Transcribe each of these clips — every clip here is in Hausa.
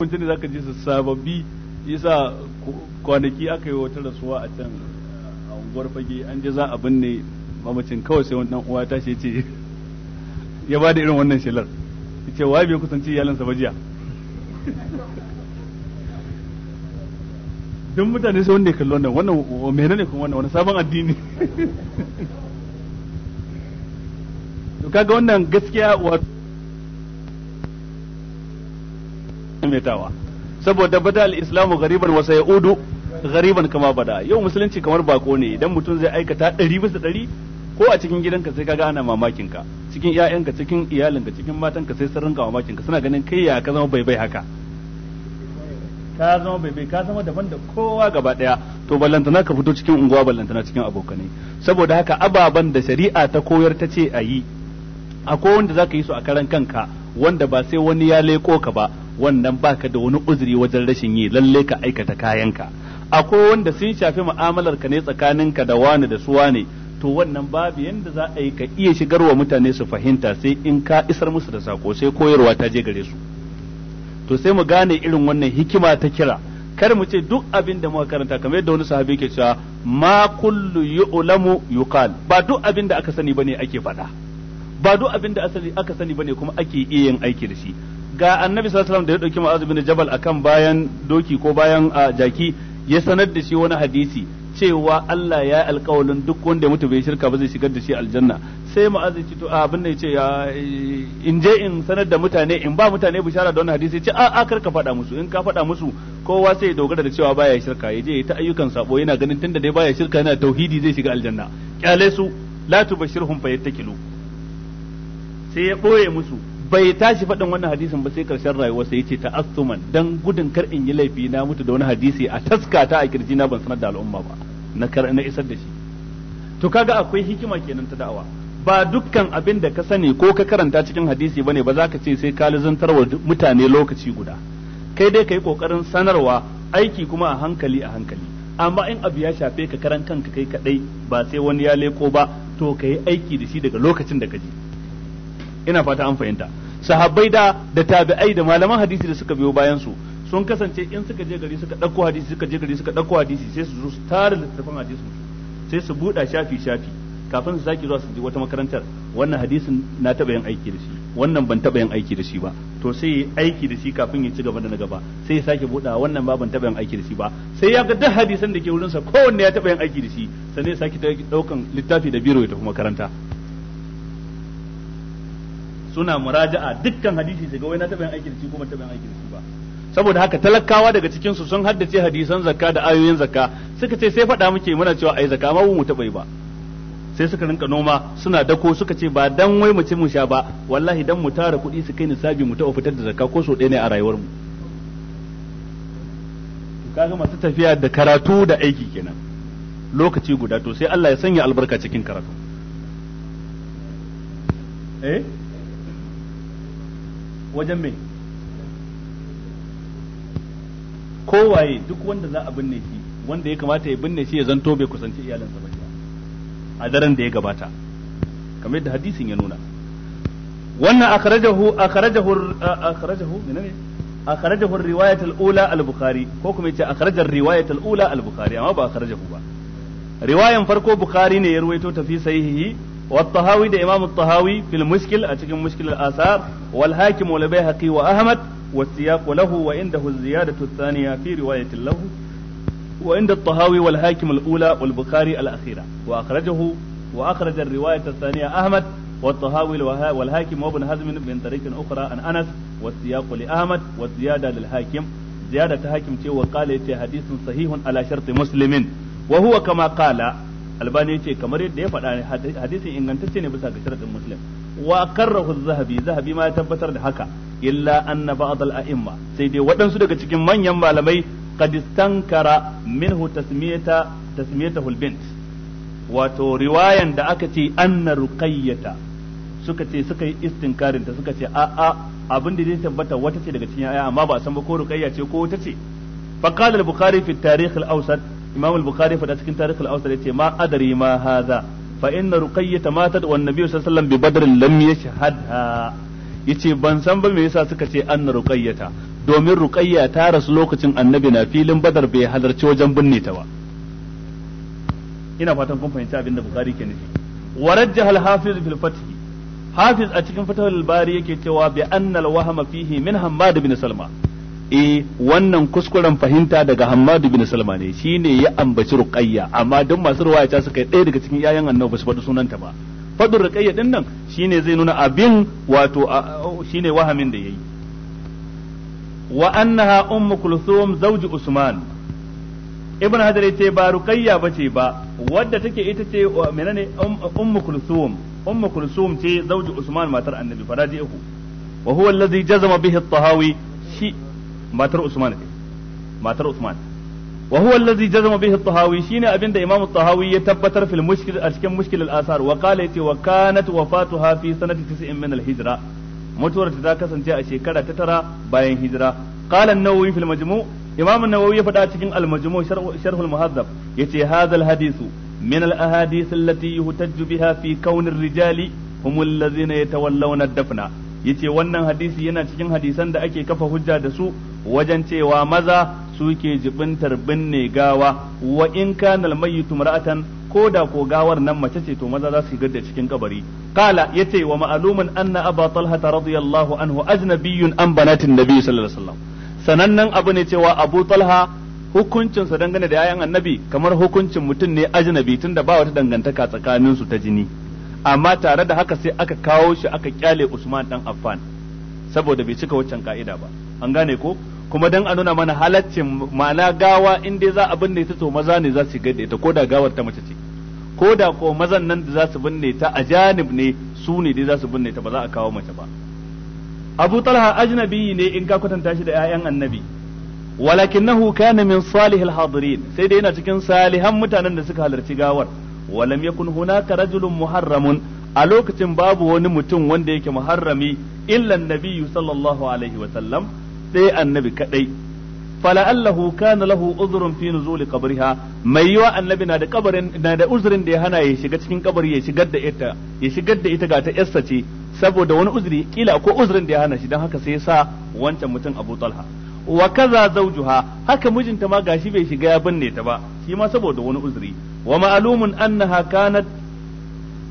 kunci ne zaka ji su sababbi yasa kwanaki aka yi wata rasuwa a can a unguwar fage an je za a binne mamacin kawai sai wani dan uwa ta shi ce ya ba da irin wannan shelar ce wa bai kusanci iyalin sa jiya don mutane sai wanda ya kalli wannan wannan menene ne kuma wannan wani sabon addini to kaga wannan gaskiya wato maimaitawa saboda bada al-islamu ghariban wa sayaudu ghariban kama bada yau musulunci kamar bako ne idan mutum zai aikata ɗari bisa ɗari ko a cikin gidanka sai kaga ana mamakin ka cikin iyayenka cikin iyalinka cikin matanka sai sun rinka mamakin ka suna ganin kai ya ka zama bai bai haka ka zama bai bai ka zama daban da kowa gaba daya to ballantana ka fito cikin unguwa ballantana cikin abokanai saboda haka ababan da shari'a ta koyar ta ce a yi akwai wanda zaka yi su a karan kanka wanda ba sai wani ya leko ka ba wannan baka da wani uzuri wajen rashin yi lalle ka aikata kayanka akwai wanda sun shafi mu'amalar ka ne tsakaninka da wani da su wani to wannan babu yanda za a yi ka iya shigar wa mutane su fahimta sai in ka isar musu da sako sai koyarwa ta je gare su to sai mu gane irin wannan hikima ta kira kar mu ce duk abin da muka karanta kamar yadda wani sahabi ke cewa ma kullu yu'lamu yuqal ba duk abin da aka sani bane ake faɗa ba duk abin da asali aka sani bane kuma ake iya yin aiki da shi ga annabi sallallahu alaihi wasallam da ya dauki mu'az bin jabal akan bayan doki ko bayan jaki ya sanar da shi wani hadisi cewa Allah ya alƙawalin duk wanda ya mutu bai shirka ba zai shigar da shi aljanna sai mu'az ya ce to abin da yace in je in sanar da mutane in ba mutane bishara da wannan hadisi ce a a kar ka faɗa musu in ka faɗa musu kowa sai ya dogara da cewa baya shirka ya je ta ayyukan sabo yana ganin tunda dai baya shirka yana tauhidi zai shiga aljanna kyale su la tubashirhum fayattakilu sai ya boye musu bai tashi faɗin wannan hadisin ba sai karshen sai yace ta ta'assuman dan gudun kar in yi laifi na mutu da wani hadisi a taskata a kirji na ban sanar da al'umma ba na kar na isar da shi to kaga akwai hikima kenan ta da'awa ba dukkan abin da ka sani ko ka karanta cikin hadisi bane ba za ka ce sai ka lizantarwa mutane lokaci guda kai dai kai kokarin sanarwa aiki kuma a hankali a hankali amma in abu ya shafe ka karan kanka kai kadai ba sai wani ya leko ba to kai aiki da shi daga lokacin da ka ji ina fata an fahimta sahabbai da da tabi'ai da malaman hadisi da suka biyo bayan su sun kasance in suka je gari suka ɗauko hadisi suka je gari suka ɗauko hadisi sai su zo su tara littattafan hadisi sai su buɗa shafi shafi kafin su sake zuwa su je wata makarantar wannan hadisin na taɓa yin aiki da shi wannan ban taɓa yin aiki da shi ba to sai ya aiki da shi kafin ya ci gaba da na gaba sai ya sake buɗa wannan ba ban taɓa yin aiki da shi ba sai ya ga duk hadisan da ke wurinsa kowanne ya taɓa yin aiki da shi sannan ya sake ɗaukan littafi da biro ya tafi makaranta suna muraja'a dukkan hadisi daga wai na taɓa yin aiki da shi kuma taɓa yin aiki shi ba saboda haka talakawa daga cikin su sun haddace hadisan zakka da ayoyin zakka suka ce sai faɗa muke muna cewa ai zakka ma mu taɓa yi ba sai suka rinka noma suna dako suka ce ba dan wai mu ci mu sha ba wallahi dan mu tara kuɗi su kai nisabi mu taɓa fitar da zakka ko so ɗaya ne a rayuwar mu kaga masu tafiya da karatu da aiki kenan lokaci guda to sai Allah ya sanya albarka cikin karatu eh wajen mai kowaye duk wanda za a binne shi wanda ya kamata ya binne shi ya zanto bai kusanci iyalinsa ba a daren da ya gabata kamar da hadisin ya nuna wannan akhrajahu akhrajahu akhrajahu menene akhrajahu riwayat al-ula al-bukhari ko kuma yace akhrajar riwayat al-ula al-bukhari amma ba akhrajahu ba riwayan farko bukhari ne ya ruwaito ta fi sahihi والطهاوي ده إمام الطهاوي في المشكل أتكلم مشكل الآثار والحاكم والبيهقي وأحمد والسياق له وعنده الزيادة الثانية في رواية له وعند الطهاوي والحاكم الأولى والبخاري الأخيرة وأخرجه وأخرج الرواية الثانية أحمد والطهاوي والحاكم وابن حزم من طريق أخرى عن أنس والسياق لأحمد والزيادة للحاكم زيادة حاكم وقال حديث صحيح على شرط مسلم وهو كما قال albani ce kamar yadda ya faɗa hadisin ingantacce ne bisa ga sharadin muslim wa karrahu zahabi zahabi ma ya tabbatar da haka illa anna ba'd al a'imma sai dai waɗansu daga cikin manyan malamai qad istankara minhu tasmiyata tasmiyatahu bint wato riwayan da aka ce anna ruqayyata suka ce suka yi istinkarin ta suka ce a a abin da zai tabbata wata ce daga cikin aya amma ba a san ba ko ruqayya ce ko wata ce فقال fi في التاريخ imam al-bukhari fada cikin tarikh al-awsat yace ma adari ma hadha fa inna ruqayyah matat wa annabi sallallahu alaihi wasallam bi badr yace ban san ba me yasa suka ce anna ruqayyata domin ruqayya ta rasu lokacin annabi na filin badar bai halarci wajen binne ta ba ina fatan kun fahimci abinda bukhari ke nufi warajjaha al-hafiz fil fath hafiz a cikin fatahul bari yake cewa bi anna al-wahma fihi min hammad bin salma E, wannan kuskuren fahimta daga Hammad bin Salma ne shine ya ambaci Ruqayya amma duk masu ruwaya ta suka ɗaya daga cikin yayan Annabi su faɗi sunanta ba fadin Ruqayya din nan shine zai nuna abin wato shine wahamin da yayi wa annaha ummu kulthum zawj Usman Ibn Hajar yace ba Ruqayya bace ba wadda take ita ce menene um, ummu kulthum ummu kulthum ce zawj Usman matar Annabi faraji uku wa huwa allazi jazama bihi at-Tahawi matar Usman ce matar Usman wa huwa allazi jazama bihi at-tahawi shine abinda Imam at-tahawi ya tabbatar fil mushkil a cikin mushkil al-asar wa qala yace wa kanat wafatuha fi sanati 90 min al-hijra mutuwar ta kasance a shekara ta tara bayan hijira qala an-nawawi fil majmu' imam an-nawawi ya faɗa cikin al-majmu' sharh al-muhaddab yace hadha al-hadithu min al-ahadith allati yuhtajju biha fi kawn ar-rijali hum allazina yatawallawna ad-dafna yace wannan hadisi yana cikin hadisan da ake kafa hujja da su wajen cewa maza suke jibintar binne gawa wa in kana almayyitu mar'atan ko da ko gawar nan mace ce to maza za su yi da cikin kabari qala yace wa ma'lumun anna aba talha radiyallahu anhu ajnabiyyun an banatin nabi sallallahu alaihi wasallam sanannan abu ne cewa abu talha hukuncin sa dangane da yayan annabi kamar hukuncin mutum ne ajnabi tunda ba wata dangantaka tsakanin su ta jini amma tare da haka sai aka kawo shi aka kyale Usman dan Affan saboda bai cika waccan ka'ida ba an gane ko kuma dan a nuna mana halaccin ma'ana gawa in dai za a binne ta to maza ne za su gaida ita ko da gawar ta mace ce ko da ko mazan nan da za su binne ta a janib ne su ne dai za su binne ta ba za a kawo mace ba Abu Talha ajnabi ne in ka kwatanta shi da ƴaƴan annabi walakinahu kana min salihil hadirin sai dai yana cikin salihan mutanen da suka halarci gawar walam yakun hunaka rajulun muharramun a lokacin babu wani mutum wanda yake muharrami illa annabi sallallahu alaihi wa sallam sai annabi kadai fala'allahu kana lahu uzrun fi nuzuli qabriha mai yiwa annabi na da kabarin na da uzrin da ya hana ya shiga cikin kabari ya shigar da ita ya shigar da ita ga ta yarsa ce saboda wani uzri kila ko uzrin da ya hana shi dan haka sai ya sa wancan mutum Abu Talha wa kaza zawjuha haka mijinta ma gashi bai shiga ya binne ta ba shi ma saboda wani uzri wa ma'lumun annaha kanat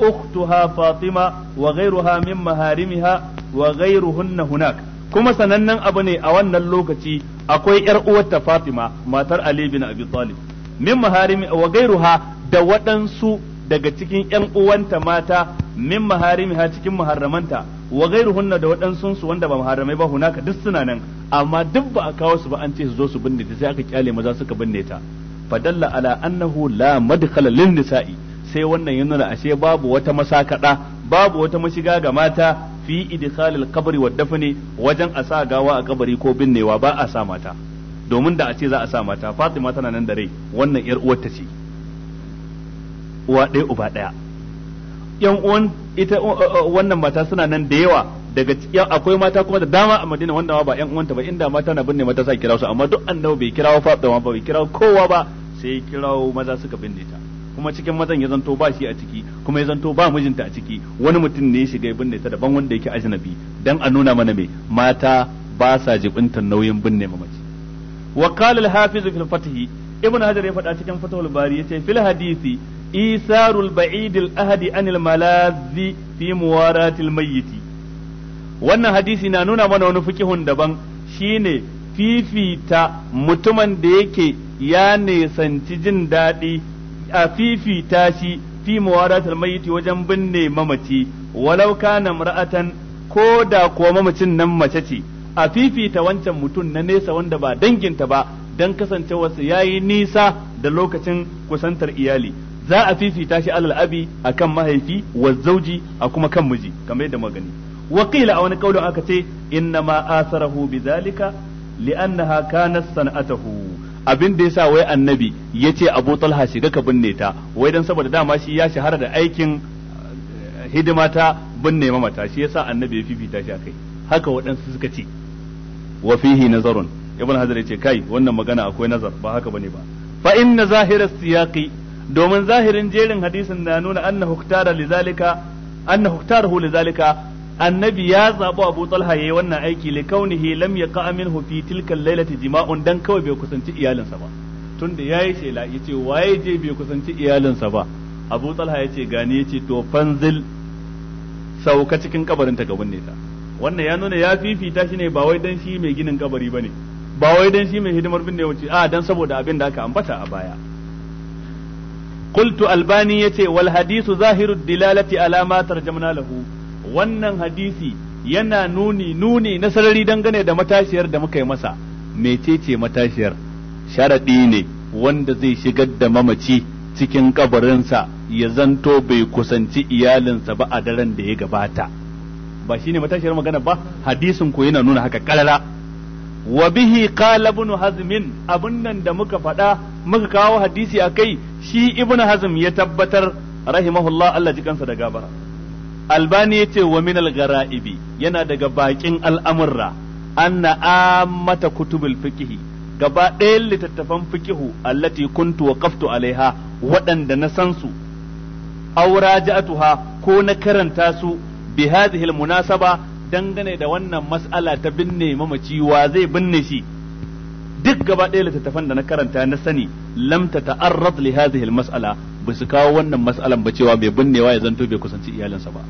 ukhtuha Fatima wa ghayruha min maharimiha wa ghayruhunna hunaka kuma sanannen abu ne a wannan lokaci akwai yar uwarta Fatima matar Ali bin Abi Talib min maharimi wa gairuha da waɗansu daga cikin ƴan uwanta mata min maharimi ha cikin muharramanta wa gairuhunna da waɗansu su wanda ba muharramai ba hunaka duk suna nan amma duk ba a kawo su ba an ce su zo su binne ta sai aka kyale maza suka binne ta fadalla ala annahu la madkhala lin nisa'i sai wannan ya nuna ashe babu wata masakada babu wata mashiga ga mata fi idkhalil kabari wa dafni wajen a sa gawa a kabari ko binnewa ba a sa mata domin da a ce za a sa mata Fatima tana nan da rai wannan yar ta ce uwa ɗaya uba ɗaya yan uwan ita uh, uh, uh, wannan mata suna nan da yawa daga cikin akwai mata kuma da dama a Madina wanda ba yan uwanta ba inda mata na binne mata sa kira su amma duk annabi bai kirawo Fatima ba bai kirawo kowa ba sai kirawo maza suka binne ta kuma cikin mazan ya zanto ba shi a ciki kuma ya zanto ba mijinta a ciki wani mutum ne ya shiga ibin ta daban wanda yake ajnabi dan a nuna mana me mata ba sa jibinta nauyin binne mamaci wa qala al-hafiz fil fath ibn hajar ya faɗa cikin fatawul bari yace fil hadisi isarul ba'idil ahadi anil malazi fi muwaratil mayyit wannan hadisi na nuna mana wani fikihun daban shine fifita mutumin da yake ya nisanci jin daɗi a fifita shi fi muwadatul mayyit wajen binne mamaci walau kana mar'atan ko da kuwa mamacin nan mace ce a fifita wancan mutum na nesa wanda ba danginta ba dan su yayi nisa da lokacin kusantar iyali za a fifita shi alal abi akan mahaifi wa zauji a kuma kan miji kamar yadda magani wakila a wani kaulin aka ce inna ma asarahu bidhalika li'annaha kanat sana'atuhu abin da yasa wai annabi ya ce abu talha shiga ka binne ta wai dan saboda dama shi ya shahara da aikin eh, hidima ta binne mamata shi yasa annabi ya fifita shi akai haka waɗansu suka ce wa fihi nazarun ibn hajar yace kai wannan magana akwai nazar ba haka bane ba fa inna zahiras siyaqi domin zahirin jerin hadisin na nuna annahu iktara lidhalika annahu iktarahu lizalika. annabi ya zabi Abu Talha yayi wannan aiki li kaunihi lam yaqa minhu fi tilka lailati jima'un dan kawai bai kusanci iyalinsa ba tunda yayi shela yace waye je bai kusanci iyalinsa ba Abu Talha yace gani yace to fanzil sauka cikin kabarin ta gaban ne ta wannan ya nuna ya fifita shi ne ba wai dan shi mai ginin kabari bane ba wai dan shi mai hidimar binne wuce a dan saboda abin da aka ambata a baya qultu albani yace wal hadithu zahiru dilalati ala ma lahu wannan hadisi yana nuni nuni na sarari dangane da matashiyar da muka yi masa mecece matashiyar sharaɗi ne wanda zai shigar da mamaci cikin kabarinsa ya zanto bai kusanci iyalinsa ba a daren da ya gabata ba shine matashiyar magana ba hadisin ko yana nuna haka kalala wa bihi qala ibn hazm abun nan da muka faɗa muka kawo hadisi akai shi ibn hazm ya tabbatar rahimahullah Allah jikansa da gabara albani ce wa minal garaibi yana daga bakin al'amurra anna ammata kutubul fikihi gaba ɗayan littattafan fiqhu allati kuntu kaftu alaiha waɗanda na san su Aura raja'atuha ko na karanta su bi hadhihi al dangane da wannan mas'ala ta binne mamaci wa zai binne shi duk gaba ɗaya littattafan da na karanta na sani lam ta ta'arrad li hadhihi masala su kawo wannan mas'alan ba cewa bai binnewa ya zanto bai kusanci iyalinsa ba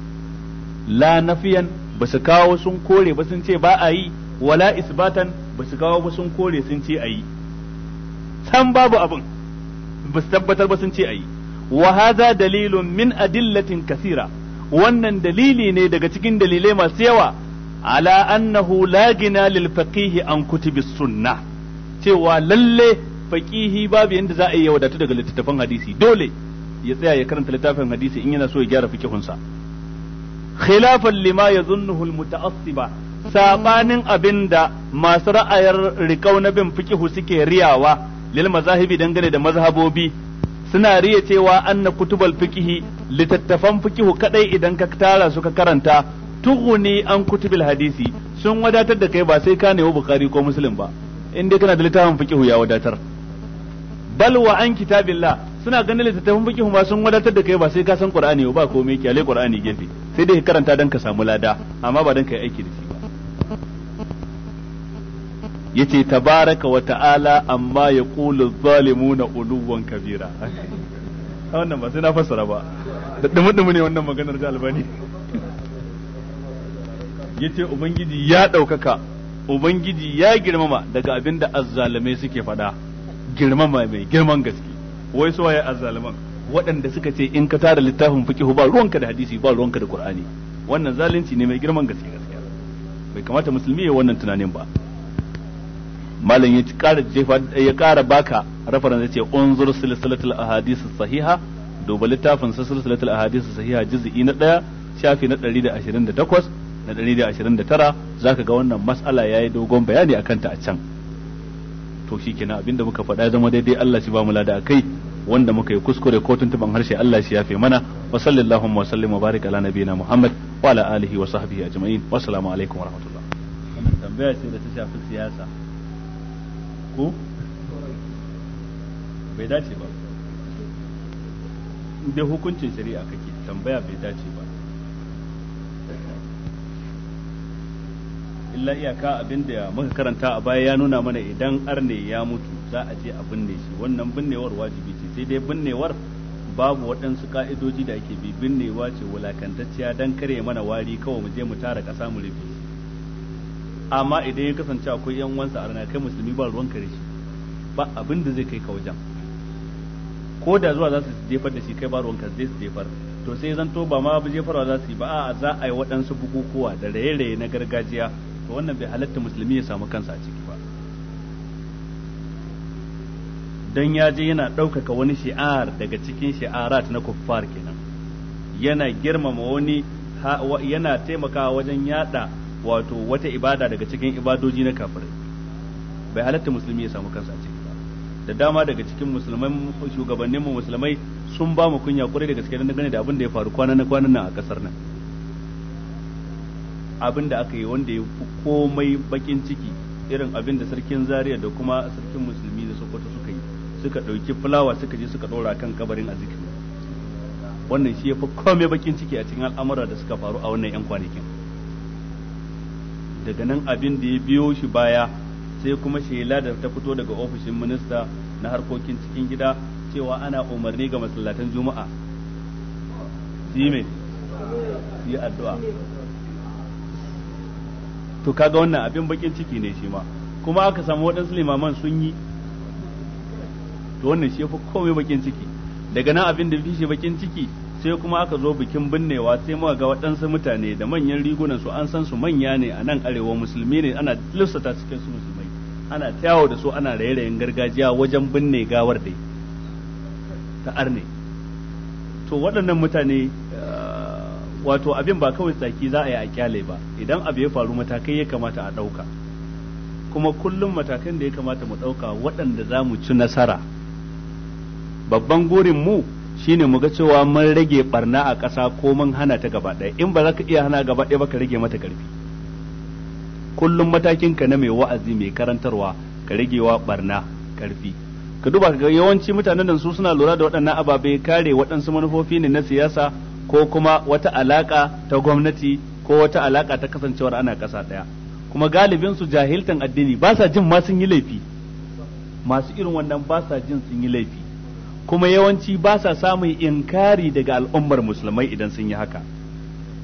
la nafiyan ba su kawo sun kore ba sun ce ba a yi wala isbatan ba su kawo ba sun kore sun ce a yi san babu abin ba su tabbatar ba sun ce a yi wa haza dalilun min adillatin kasira wannan dalili ne daga cikin dalilai masu yawa ala annahu la gina lil faqihi an kutubi sunna cewa lalle faqihi babu yanda za a yi wadatu daga littattafan hadisi dole ya tsaya ya karanta littafin hadisi in yana so ya gyara fikihunsa khilafan lima yazunnuhu almutaassiba sabanin abinda masu ra'ayar riƙau na bin fikihu suke riyawa lil mazahibi dangane da mazhabobi suna riya cewa anna kutubal fikihi litattafan fikihu kadai idan ka tara su ka karanta tughni an kutubil hadisi sun wadatar da kai ba sai ka nemi Bukhari ko muslim ba in kana da littafin fikihu ya wadatar bal wa an kitabillah suna ganin litattafan fikihu ba sun wadatar da kai ba sai ka san qur'ani ba komai kyale qur'ani gefe sai dai ka karanta dan ka samu lada amma ba dan ka yi aiki da shi ba yace tabaraka wa ta'ala amma ya zalimu na uluwan kabira wannan ba sai na fassara ba da dumu ne wannan maganar da albani yace ubangiji ya ɗaukaka ubangiji ya girmama daga abin da azzalamai suke faɗa girmama mai girman gaske wai su waye azzalaman waɗanda suka ce in ka tara littafin fiqh ba ruwanka da hadisi ba ruwanka da qur'ani wannan zalunci ne mai girman gaske gaskiya bai kamata musulmi ya wannan tunanin ba malam ya kara jefa ya kara baka reference ce unzur silsilatul ahadith sahiha duba littafin silsilatul ahadith sahiha juz'i na 1 shafi na 128 na 129 zaka ga wannan mas'ala yayi dogon bayani akan ta a can to shikenan abinda muka faɗa zama daidai Allah shi ba mu lada akai wanda muka yi kuskure ko tuntuban harshe Allah shi yafe mana wa sallallahu wa sallim wa barik ala nabiyina Muhammad wa ala alihi wa sahbihi ajma'in wa assalamu alaikum wa rahmatullah wannan tambaya ce da ta shafi siyasa ko bai dace ba da hukuncin shari'a kake tambaya bai dace ba illa iyaka abin da muka karanta a baya ya nuna mana idan arne ya mutu za a je a binne shi wannan binnewar wajibi ce sai dai binnewar babu waɗansu ka'idoji da ake bi binnewa ce wulakantacciya don kare mana wari kawai mu je mu tara ƙasa mu rufe amma idan ya kasance akwai yan uwansa arna kai musulmi ba ruwan kare shi ba abin da zai kai ka wajen ko da zuwa za su jefar da shi kai ba ruwan kare zai su jefar to sai zanto ba ma jefarwa za su yi ba a za a yi waɗansu bukukuwa da raye-raye na gargajiya to wannan bai halatta musulmi ya samu kansa a ciki don ya je yana ɗaukaka wani shi'ar daga cikin shi'arat na kuffar kenan yana girmama wani yana taimakawa wajen yada wato wata ibada daga cikin ibadoji na kafirai bai halatta musulmi ya samu kansa a ciki ba da dama daga cikin musulman shugabannin mu musulmai sun ba mu kunya kure da cikin dangane da abin da ya faru na kwanan nan a kasar nan abin da aka yi wanda ya fi komai bakin ciki irin abin da sarkin zaria da kuma sarkin musulmi da sokoto suka ɗauki fulawa suka je suka ɗora kan kabarin azikin wannan shi ya fi kome bakin ciki a cikin al'amura da suka faru a wannan 'yan kwanakin daga nan abin da ya biyo shi baya sai kuma shela da ta fito daga ofishin minista na harkokin cikin gida cewa ana umarni ga masallatan juma'a su yi mai su yi addu'a to kaga wannan abin bakin ciki ne shi ma kuma aka samu waɗansu limaman sun yi to wannan shi fa komai bakin ciki daga nan abin da fishi bakin ciki sai kuma aka zo bikin binnewa sai muka ga waɗansu mutane da manyan rigunan su an san su manya ne a nan arewa musulmi ne ana lissata cikin su musulmai ana tayawo da su ana raye gargajiya wajen binne gawar dai ta arne to waɗannan mutane eh, wato abin ba kawai tsaki za a yi a kyale ba idan abu ya faru matakai ya kamata a ɗauka kuma kullum matakan da ya kamata mu ɗauka waɗanda za mu ci nasara babban gurin mu shine mu ga cewa mun rage barna a ƙasa ko mun hana ta gaba ɗaya in ba za ka iya hana gaba ɗaya ba ka rage mata ƙarfi kullum matakin ka na mai wa'azi mai karantarwa ka ragewa barna ƙarfi ka duba ka yawanci mutanen nan su suna lura da waɗannan ababe kare waɗansu manufofi ne na siyasa ko kuma wata alaƙa ta gwamnati ko wata alaƙa ta kasancewar ana ƙasa ɗaya kuma galibin su jahiltan addini ba sa jin ma sun yi laifi masu irin wannan ba sa jin sun yi laifi kuma yawanci ba sa samun inkari daga al'ummar musulmai idan sun yi haka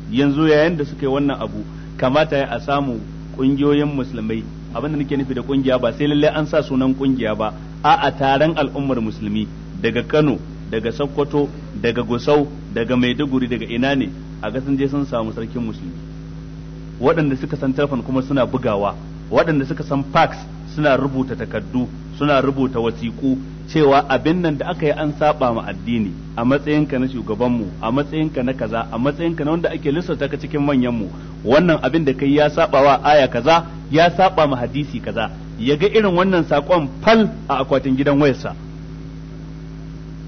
yanzu yayin da suka yi wannan abu kamata a samu ƙungiyoyin musulmai abinda nake nufi da kungiya ba sai lallai an sa sunan ƙungiya ba a a taron al'ummar musulmi daga Kano daga Sokoto daga Gusau daga Maiduguri daga ina ne a ga je sun samu sarkin musulmi waɗanda suka san tarfan kuma suna bugawa waɗanda suka san fax suna rubuta takardu suna rubuta wasiƙu cewa abin nan da aka yi an saba ma addini a matsayinka na shugabanmu a matsayinka na kaza a matsayinka na wanda ake lissata ka cikin manyanmu wannan abin da kai ya saba wa aya kaza ya saba ma hadisi kaza ya ga irin wannan sakon fal a akwatin gidan wayarsa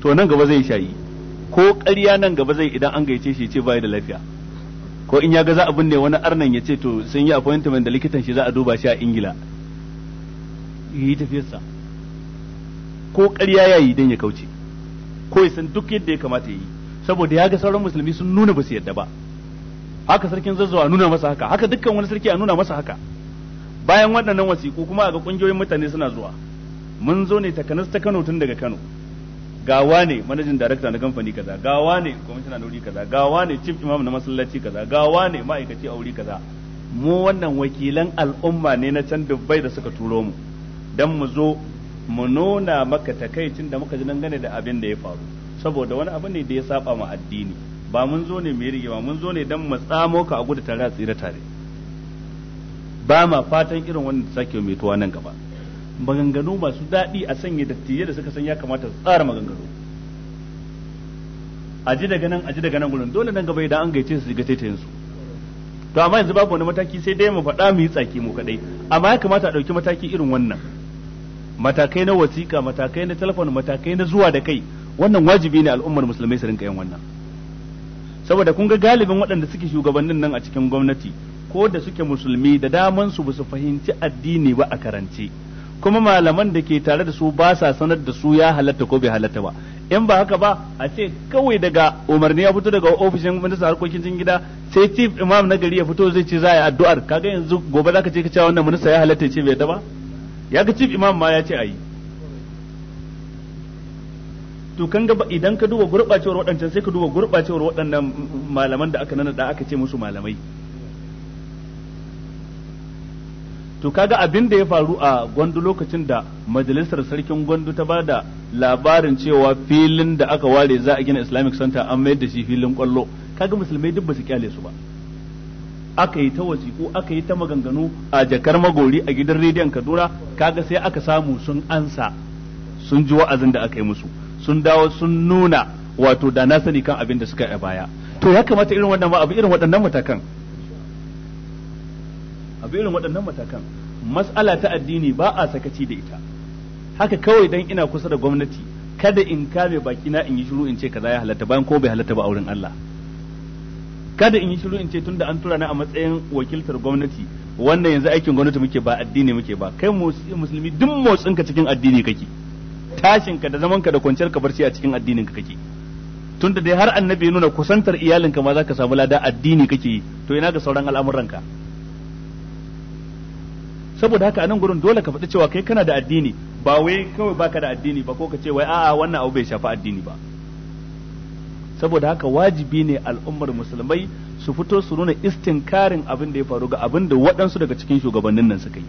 to nan gaba zai shayi ko ƙarya nan gaba zai idan an gaice shi ce bai da lafiya ko in ya ga za a binne wani arnan ya ce to sun yi appointment da likitan shi za a duba shi a ingila yi tafiyarsa ko ƙarya ya yi don ya kauce ko ya san duk yadda ya kamata ya yi saboda ya ga sauran musulmi sun nuna ba su yadda ba haka sarkin zazzawa a nuna masa haka haka dukkan wani sarki a nuna masa haka bayan waɗannan wasiƙu kuma a ga ƙungiyoyin mutane suna zuwa mun zo ne takanas ta Kano tun daga Kano gawa ne manajin darakta na kamfani kaza gawa ne kwamishina na wuri kaza gawa ne chief imam na masallaci kaza gawa ne ma'aikaci a wuri kaza mu wannan wakilan al'umma ne na can dubbai da suka turo mu don mu zo mu nuna maka takaicin da muka ji gane da abin da ya faru saboda wani abu ne da ya saba ma addini ba mun zo ne mai rigewa mun zo ne dan mu tsamo ka a gudu tare a tsira tare ba ma fatan irin wannan da sake mai nan gaba maganganu masu daɗi a sanya dattijai da suka san ya kamata su tsara maganganu a ji daga nan a ji daga nan gudun dole nan gaba idan an gaice su ga taitayin su to amma yanzu babu wani mataki sai dai mu faɗa mu yi tsaki mu kadai amma ya kamata a ɗauki mataki irin wannan matakai na wasiƙa matakai na telefon matakai na zuwa da kai wannan wajibi ne al'ummar musulmai su rinka yin wannan saboda kun ga galibin waɗanda suke shugabannin nan a cikin gwamnati ko da suke musulmi da daman su su fahimci addini ba a karance kuma malaman da ke tare da su ba sa sanar da su ya halatta ko bai halatta ba in ba haka ba a ce kawai daga umarni ya fito daga ofishin ministan harkokin cikin gida sai chief imam na gari ya fito zai ce za a yi addu'ar kaga yanzu gobe za ka ce ka cewa wannan minista ya halatta ce bai ta ba ya ga chief imam ma ya ce ayi to kan ga idan ka duba gurbacewar waɗancan sai ka duba gurbacewar waɗannan malaman da aka nanada aka ce musu malamai to kaga abin da ya faru a gwandu lokacin da majalisar sarkin gwandu ta ba da labarin cewa filin da aka ware za a gina islamic center an mayar da shi filin kwallo kaga musulmai duk ba su kyale su ba aka yi ta wasiku aka yi ta maganganu a jakar magori a gidan rediyon kaduna kaga sai aka samu sun ansa sun ji wa'azin da aka yi musu sun dawo sun nuna wato da na sani kan abin da suka yi baya to ya kamata irin wannan ba abu irin waɗannan matakan abu irin waɗannan matakan mas'ala ta addini ba a sakaci da ita haka kawai dan ina kusa da gwamnati kada in kame baki na in yi shiru in ce kaza ya halatta bayan ko bai halatta ba auren Allah kada in yi shiru in ce da an tura ni a matsayin wakiltar gwamnati wannan yanzu aikin gwamnati muke ba addini muke ba kai musulmi duk motsinka cikin addini kake tashinka da zaman ka da kwanciyar ka barci a cikin addininka kake tunda dai har annabi ya nuna kusantar iyalinka ma zaka samu lada addini kake to ina ga sauran al'amuran ka saboda haka anan gurin dole ka faɗi cewa kai kana da addini ba wai kawai baka da addini ba ko ka ce wai a'a wannan abu bai shafi addini ba saboda haka wajibi ne al'ummar musulmai su fito su nuna istinkarin abin da ya faru ga abin da waɗansu daga cikin shugabannin nan suka yi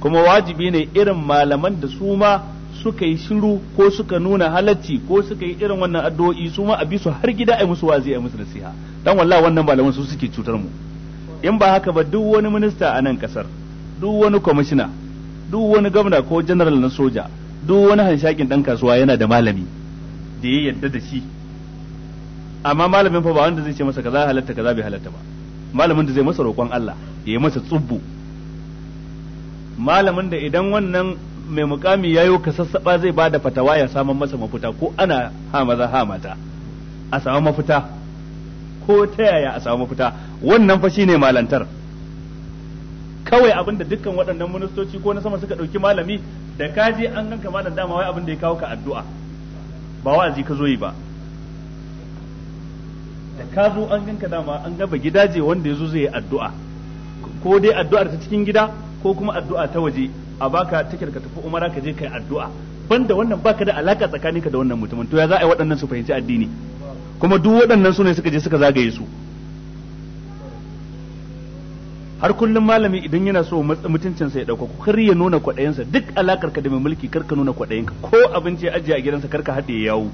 kuma wajibi ne irin malaman da su ma suka yi shiru ko suka nuna halacci ko suka yi irin wannan addu'o'i su ma a bi su har gida ai musu wazi ai musu nasiha dan wallahi wannan malaman su suke cutar mu in ba haka ba duk wani minista a nan kasar duk wani kwamishina duk wani gwamna ko general na soja duk wani hanshakin dan kasuwa yana da malami da ya yarda da shi amma malamin fa ba wanda zai ce masa kaza halatta kaza bai halatta ba malamin da zai masa roƙon Allah ya yi masa tsubbu malamin da idan wannan mai mukami yayo ka sassaba zai bada fatawa ya samu masa mafita ko ana ha maza ha mata a samu mafita ko ta yaya a samu mafita wannan fa shine malantar kawai abin da dukkan waɗannan ministoci ko na sama suka ɗauki malami da kaji an ganka malam dama wai abin da ya kawo ka addu'a ba wa'azi ka zo yi ba da ka zo an ganka dama an gaba gidaje wanda ya zo zai yi addu'a ko dai addu'a ta cikin gida ko kuma addu'a ta waje a baka tikir ka tafi umara ka je kai addu'a banda wannan baka da alaka tsakaninka da wannan mutumin to ya za a yi waɗannan su fahimci addini kuma duk waɗannan su ne suka je suka zagaye su har kullum malami idan yana so sa ya dauka kar ya nuna kwaɗayensa duk alakar ka da mai mulki kar ka nuna kwaɗayinka ko abinci ya ajiye a gidansa kar ka haɗe yawo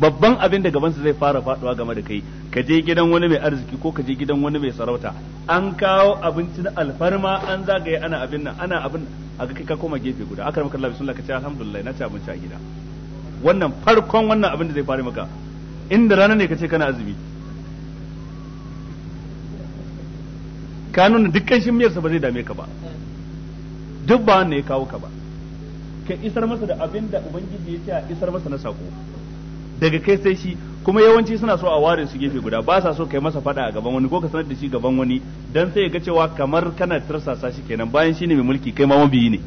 babban abin da gabansa zai fara faduwa game da kai ka je gidan wani mai arziki ko ka je gidan wani mai sarauta an kawo abinci na alfarma an zagaye ana abin nan ana abin a ga ka koma gefe guda aka maka Allah bismillah ka ce alhamdulillah na ci abinci a gida wannan farkon wannan abin da zai fara maka inda rana ne ka ce kana azumi ka nuna dukkan shin miyarsa ba zai dame ka ba duk ba wanda ya kawo ka ba ka isar masa da abin da ubangiji ya ce a isar masa na sako daga kai sai shi kuma yawanci suna so a ware su gefe guda ba sa so kai masa fada a gaban wani ko ka sanar da shi gaban wani dan sai ya ga cewa kamar kana tirsasa shi kenan bayan shine mai mulki kai ma mabiyi ne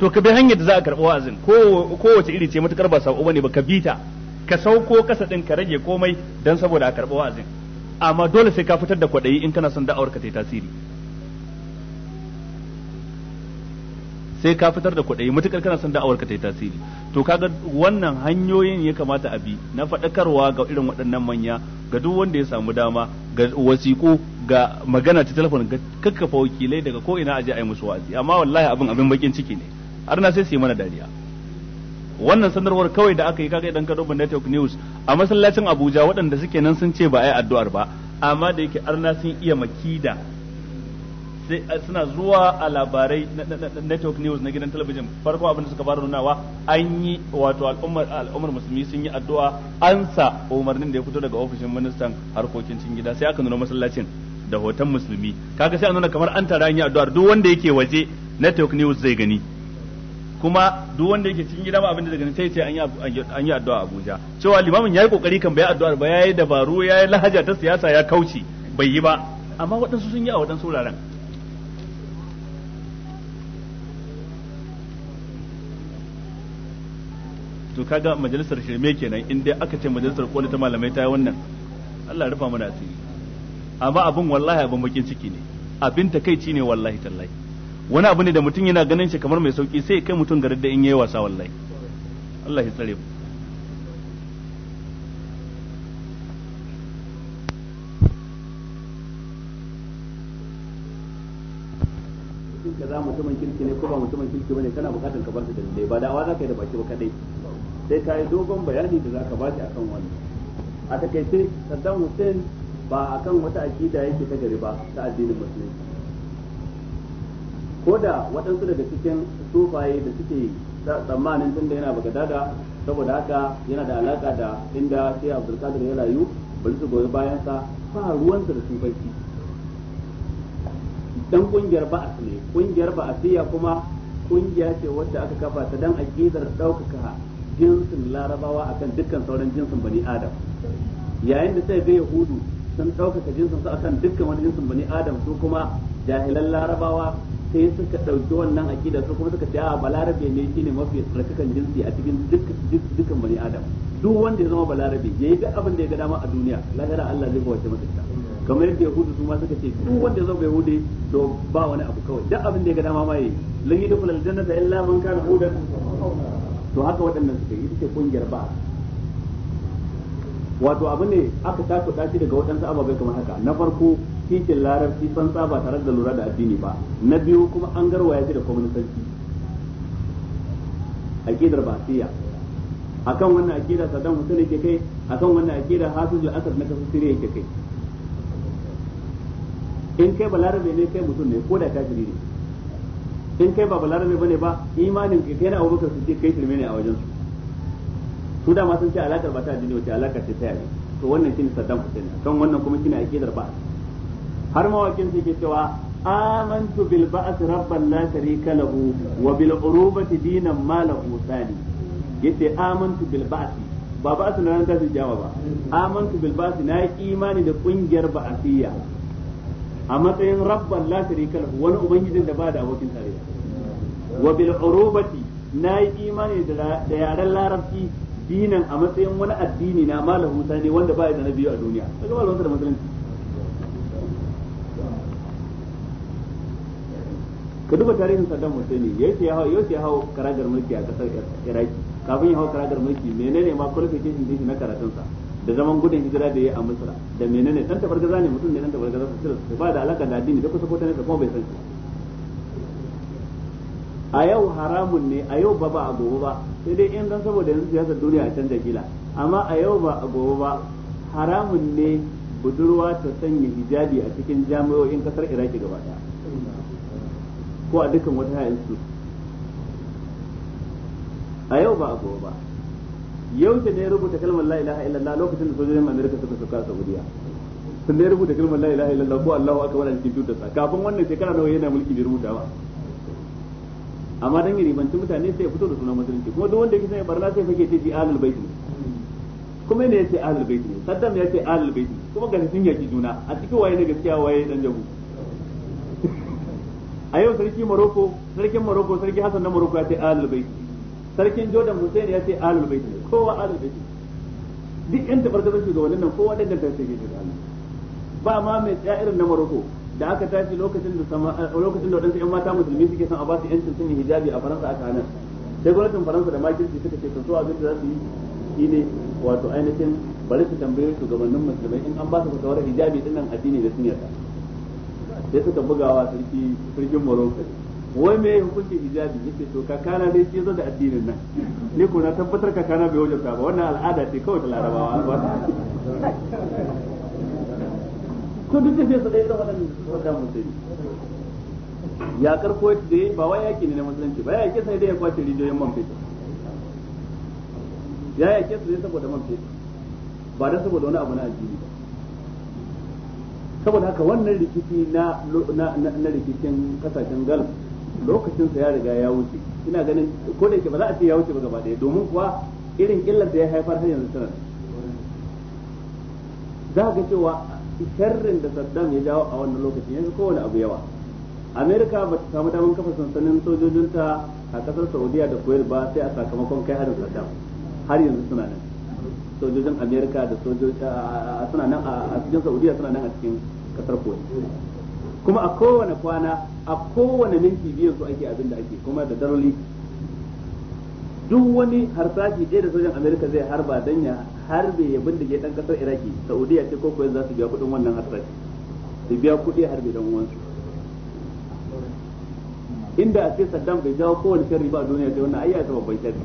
to ka bi hanyar da za a karɓi wa'azin kowace iri ce matukar ba sabo bane ba ka bita ka sauko kasa din ka rage komai dan saboda a karɓi wa'azin amma dole sai ka fitar da kwaɗayi in kana son da'awar ka ta tasiri sai ka fitar da kuɗi matukar kana son da'awar ka ta yi tasiri to kaga wannan hanyoyin ya kamata a bi na faɗakarwa ga irin waɗannan manya ga duk wanda ya samu dama ga wasiƙo ga magana ta telefon ga kakkafa wakilai daga ko ina aje a yi musu wa'azi amma wallahi abin abin bakin ciki ne har na sai su yi mana dariya wannan sanarwar kawai da aka yi kaga idan ka duba network news a masallacin Abuja waɗanda suke nan sun ce ba a yi addu'ar ba amma da yake arna sun iya makida sai eh, suna zuwa a labarai network news na gidan talabijin farko abin da suka fara nunawa an yi wato al'ummar musulmi sun yi addu'a an sa umarnin da ya fito daga ofishin ministan harkokin cikin gida sai aka nuna masallacin da hoton musulmi kaga sai an nuna kamar an tara an yi addu'ar duk wanda yake waje network news zai gani kuma duk wanda yake cikin gida ba abin da daga sai ce an yi addu'a Abuja cewa limamin yayi kokari kan bai addu'ar ba yayi dabaru yayi lahaja ta siyasa ya kauce bai yi ba amma waɗansu sun yi a waɗansu wuraren to kaga majalisar shirme kenan in dai aka ce majalisar koli ta malamai ta yi wannan Allah rufa mana asiri amma abin wallahi abin bakin ciki ne abin ta ci ne wallahi tallahi wani abu ne da mutum yana ganin shi kamar mai sauki sai kai mutum garin da in yi wasa wallahi Allah ya tsare mu za mutumin kirki ne ko ba mutumin kirki bane kana bukatar ka bar su da ba da awa za ka yi da baki ba kadai sai ka yi dogon bayani da za ka ba shi akan wannan a takaice saddam hussein ba a kan wata akida yake ta gari ba ta addinin musulunci ko da waɗansu daga cikin tsofaye da suke tsammanin tunda yana bagadada saboda haka yana da alaka da inda sai abdulkadir ya rayu bari su goyi bayansa ba ruwansa da sufanci dan kungiyar ba'as ne kungiyar ba'asiyya kuma kungiya ce wadda aka kafa ta dan akidar ɗaukaka jinsin larabawa akan dukkan sauran jinsin bani adam yayin da sai ga yahudu sun ɗaukaka jinsin su akan dukkan wani jinsin bani adam su kuma jahilan larabawa sai suka ɗauki wannan aƙida su kuma suka ce a balarabe ne ne mafi tsarkakan jinsi a cikin dukkan bani adam duk wanda ya zama balarabe ya yi duk abin da ya ga dama a duniya lahira Allah zai bawace masa ita kamar yadda yahudu su ma suka ce duk wanda ya zama yahudu to ba wani abu kawai duk abin da ya ga dama ma yi lan yadkhul ta illa man kana hudan to haka waɗannan suka yi suke kungiyar ba wato abu ne aka tafi shi daga waɗansu ababai kamar haka na farko titin larabci san ba tare da lura da addini ba na biyu kuma an garwa ya da kwamnisanci aƙidar basiya kan wannan aƙida saddam hussein yake kai a kan wannan aƙida hafizul asad na kasu siriya yake kai in kai balarabe ne kai mutum ne ko da kafiri ne in kai ba balarabe bane ba imanin kai kai na abubakar ce kai shirme ne a wajen su su da ma sun ce alakar ba ta addini wace alakar ce ta yayi to wannan shine Saddam Hussein kan wannan kuma shine aqidar ba har mawakin su ke cewa amantu bil ba'as rabban la sharika lahu wa bil urubati dinan ma lahu sani yace amantu bil ba'as ba ba'as na ran tashin jama ba amantu bil ba'as na yi imani da kungiyar ba'asiyya. a matsayin rabban la shirika lahu wani ubangijin da ba da abokin tarayya wa bil urubati na yi imani da yaren larabci dinan a matsayin wani addini na malahu sani wanda ba ya da na biyu a duniya kaga ba da musulunci ka duba tarihin Saddam Hussein ya ce ya hau ya hau karagar mulki a kasar Iraki kafin ya hau karagar mulki menene ma qualification din shi na karatunsa da zaman gudun hijira da yayi a Misra da menene dan tabargaza ne mutum ne dan tabargaza su ba da alaka da addini da kusa ko tana kuma bai san shi. a yau haramun ne a yau ba ba a gobe ba sai dai in dan saboda yanzu siyasar duniya a canza gila amma a yau ba a gobe ba haramun ne budurwa ta sanya hijabi a cikin jami'o'in kasar Iraki gaba daya ko a dukkan wata yanzu a yau ba a gobe ba yaushe ne rubuta kalmar la ilaha illallah lokacin da sojojin Amerika suka suka Saudiya sun ne rubuta kalmar la ilaha illallah ko Allahu akbar a cikin tutarsa kafin wannan shekara nawa yana mulki da rubuta ba amma dan yi ribanci mutane sai ya fito da sunan musulunci kuma duk wanda yake sai barna sai fake ce ji ahlul bait ne kuma ne yace ahlul bait ne Saddam yace ahlul bait kuma ga sun yaki juna a cikin waye ne gaskiya waye dan jago a yau sarki maroko sarkin Morocco sarki Hassan na maroko ya ce ahlul bait sarkin jordan hussein ya ce alul bai ne kowa alul ne duk yan tabardar shugabannin nan kowa dangan tashi ke alul ba ma mai tsaya irin na maroko da aka tashi lokacin da eh, lokacin da wadansu yan mata musulmi suke son a ba su yancin sun yi hijabi a faransa aka hana sai gwamnatin faransa da makirci suka ce kan so abin da za su yi ne wato ainihin bari su tambaye gabanin musulmai in an ba su kasawar hijabi din nan addini da sun yarda sai suka bugawa sarki sarkin maroko wai me ya hukunci hijabi yace to ka kana dai shi zo da addinin nan ni ko na tabbatar ka kana bai wajabta ba wannan al'ada ce kawai ta larabawa ba ko duk da sai dai da wannan wanda musulmi ya karko da dai ba wai yake ne na musulunci ba ya yake sai dai ya kwace rijiyoyin man fetur ya yake sai saboda man fetur ba dan saboda wani abu na addini ba saboda haka wannan rikici na na rikicin kasashen galibi lokacin sa ya riga ya wuce ina ganin ko da ba za a ce ya wuce ba gaba ɗaya domin kuwa irin illar da ya haifar har yanzu tana za ga cewa sharrin da Saddam ya jawo a wannan lokacin yanzu kowane abu yawa Amerika ba ta samu damar kafa sansanin sojojinta a kasar Saudiya da Kuwait ba sai a sakamakon kai harin Saddam har yanzu suna nan sojojin Amerika da sojojin suna nan a cikin Saudiya suna nan a cikin kasar Kuwait kuma a kowane kwana a kowane minti biyan su ake abin da ake kuma da daroli duk wani harsashi ɗaya da sojan amerika zai harba don ya harbe ya bindige ɗan ƙasar iraki saudiya ce ko kuwa za su biya kuɗin wannan harsashi su biya kuɗi harbe don wansu inda a ce saddam bai jawo kowane sharri ba a duniya sai wannan ayyata babban sharri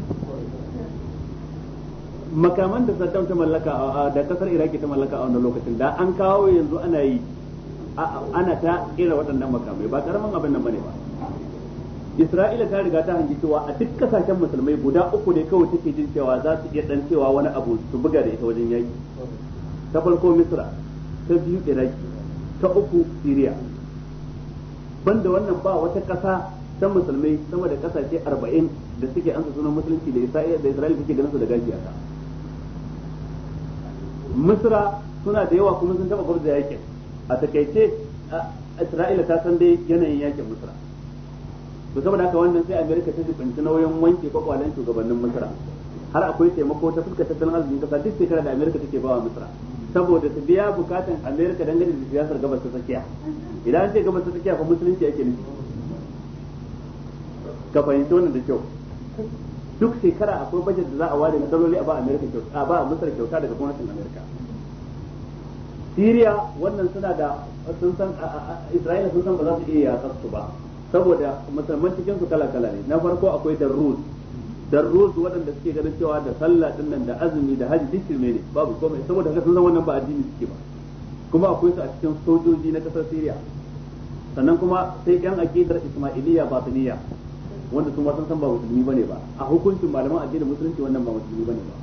makaman da saddam ta mallaka da kasar iraki ta mallaka a wannan lokacin da an kawo yanzu ana yi ana ta kera waɗannan makamai ba karamin abin nan bane ba Isra'ila ta riga ta hangi cewa a duk kasashen musulmai guda uku ne kawai take jin cewa za su iya dan cewa wani abu su buga da ita wajen yaki ta farko Misra ta biyu Iraki ta uku Syria banda wannan ba wata kasa ta musulmai sama da kasashe 40 da suke ansa sunan musulunci da Isra'ila da Isra'ila take ganin su da gajiya ta Misra suna da yawa kuma sun taba gurbin yakin a takaice Isra'ila ta san dai yanayin yakin Misra to saboda haka wannan sai Amerika ta jibinci nauyin wanke kwakwalen shugabannin Misra har akwai taimako ta fuskar tattalin arzikin kasa duk shekara da Amerika take bawa Misra saboda su biya bukatan Amerika dangane da siyasar gabas ta tsakiya idan an ce gabas ta tsakiya fa musulunci ake nufi ka fahimci wannan da kyau duk shekara akwai bajet da za a ware na daloli a ba Amerika kyauta a ba Misra kyauta daga gwamnatin Amerika Syria wannan suna da sun san Isra'ila sun san ba za su iya yakar su ba saboda musamman cikin su kala kala ne na farko akwai darrus darrus waɗanda suke ganin cewa da sallah din nan da azumi da haji duk ne babu komai saboda haka sun san wannan ba addini suke ba kuma akwai su a cikin sojoji na kasar Syria sannan kuma sai yan akidar isma'iliya batiniya wanda sun san ba musulmi bane ba a hukuncin malaman addinin musulunci wannan ba musulmi bane ba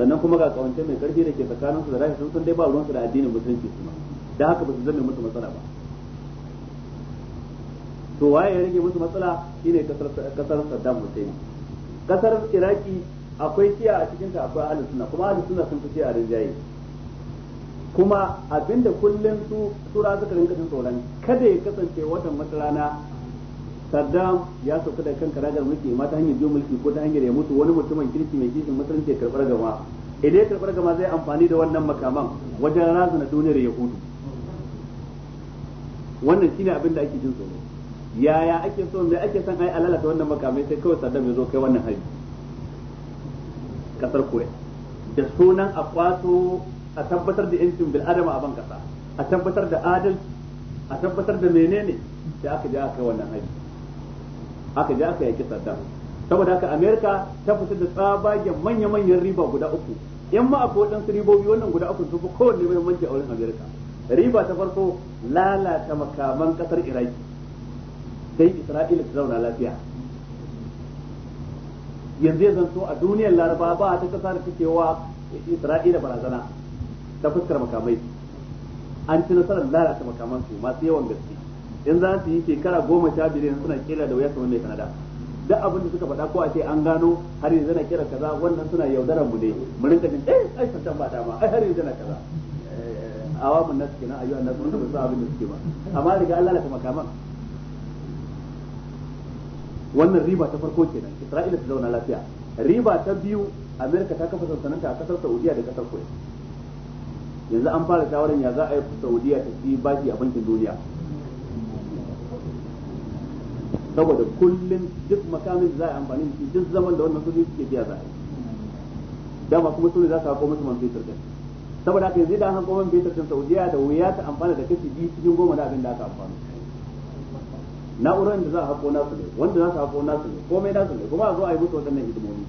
sannan kuma ga kawance mai karfi da ke tsakanin su da rashin sun san dai ba ruwan su da addinin musulunci su ma da haka ba su zame musu matsala ba to waye ya rage musu matsala shine kasar kasar Saddam Hussein kasar Iraki akwai shiya a cikin ta akwai ahlus sunna kuma ahlus sunna sun fi shiya rinjaye kuma abinda kullum su sura suka rinka jin tsoron kada ya kasance watan wata rana Saddam ya sauka da kan karagar mulki ma ta hanyar biyo mulki ko ta hanyar ya mutu wani mutumin kirki mai kishin musulunci ya karɓar gama idan ya karɓar gama zai amfani da wannan makaman wajen razana duniyar yahudu wannan shine abin da ake jin tsoro yaya ake so me ake son ai alalata wannan makamai sai kawai Saddam ya zo kai wannan hari kasar Kuwait da sunan a kwato a tabbatar da yancin bil'adama a ban kasa a tabbatar da adalci a tabbatar da menene sai aka je aka kai wannan hari aka je aka yaki Saddam saboda haka Amerika ta fitar da tsabagen manya-manyan riba guda uku in ma akwai waɗansu ribobi wannan guda uku su fi kowanne muhimmanci a wurin Amerika riba ta farko lalata makaman kasar Iraki sai Isra'ila ta zauna lafiya yanzu ya zanto a duniyar laraba ba ta kasa da take wa Isra'ila barazana ta fuskar makamai an ci nasarar lalata makamansu masu yawan gaske in za su yi shekara goma sha biyar suna kera da wuya kamar mai kanada da abin da suka faɗa ko a ce an gano har yanzu na kera kaza wannan suna yaudarar mu ne mu rinka jin eh ai san ba dama ai har yanzu na kaza eh, awa mun nasu kenan ayyuka nasu mun ba abin da suke ba amma daga Allah la makaman wannan riba ta farko kenan Isra'ila ta zauna lafiya riba ta biyu Amerika ta kafa sansananta a kasar Saudiya da kasar Kuwait yanzu an fara shawarar ya za a yi Saudiya ta ci baki a bankin duniya saboda kullum duk makamin za a amfani da shi duk zaman da wannan sojoji suke biya za a yi dama kuma sojoji za su hako musu man fetur din saboda haka yanzu idan an hako man fetur din saudiya da wuya ta amfana da kashi biyu cikin goma da abin da aka amfana na'urar da za a hako nasu ne wanda za su hako nasu ne komai nasu ne kuma a zo a yi musu waɗannan hidimomi